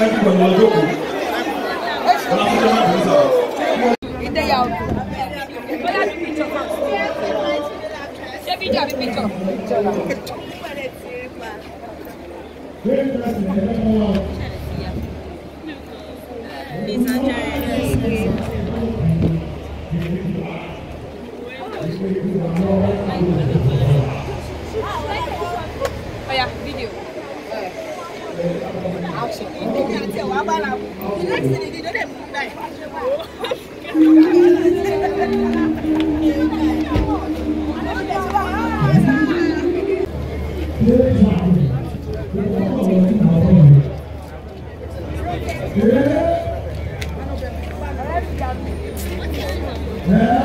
everybody lọ jókòó ọlọ́pàá máa bẹ̀rẹ̀ sọ̀rọ̀. ìdẹ́yà ọ̀dọ́ ìbọ́lá bí píjọ kan ṣé fídíò àbí píjọ. Oya, video. Uh. option. The next thing they did, they moved Yeah.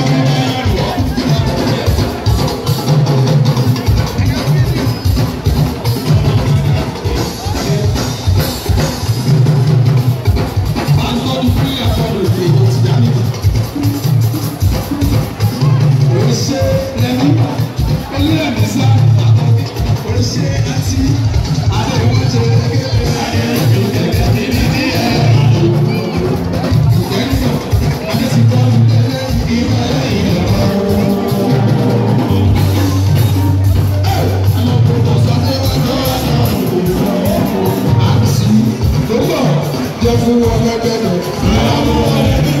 Therefore, I'm not better. I'm not better.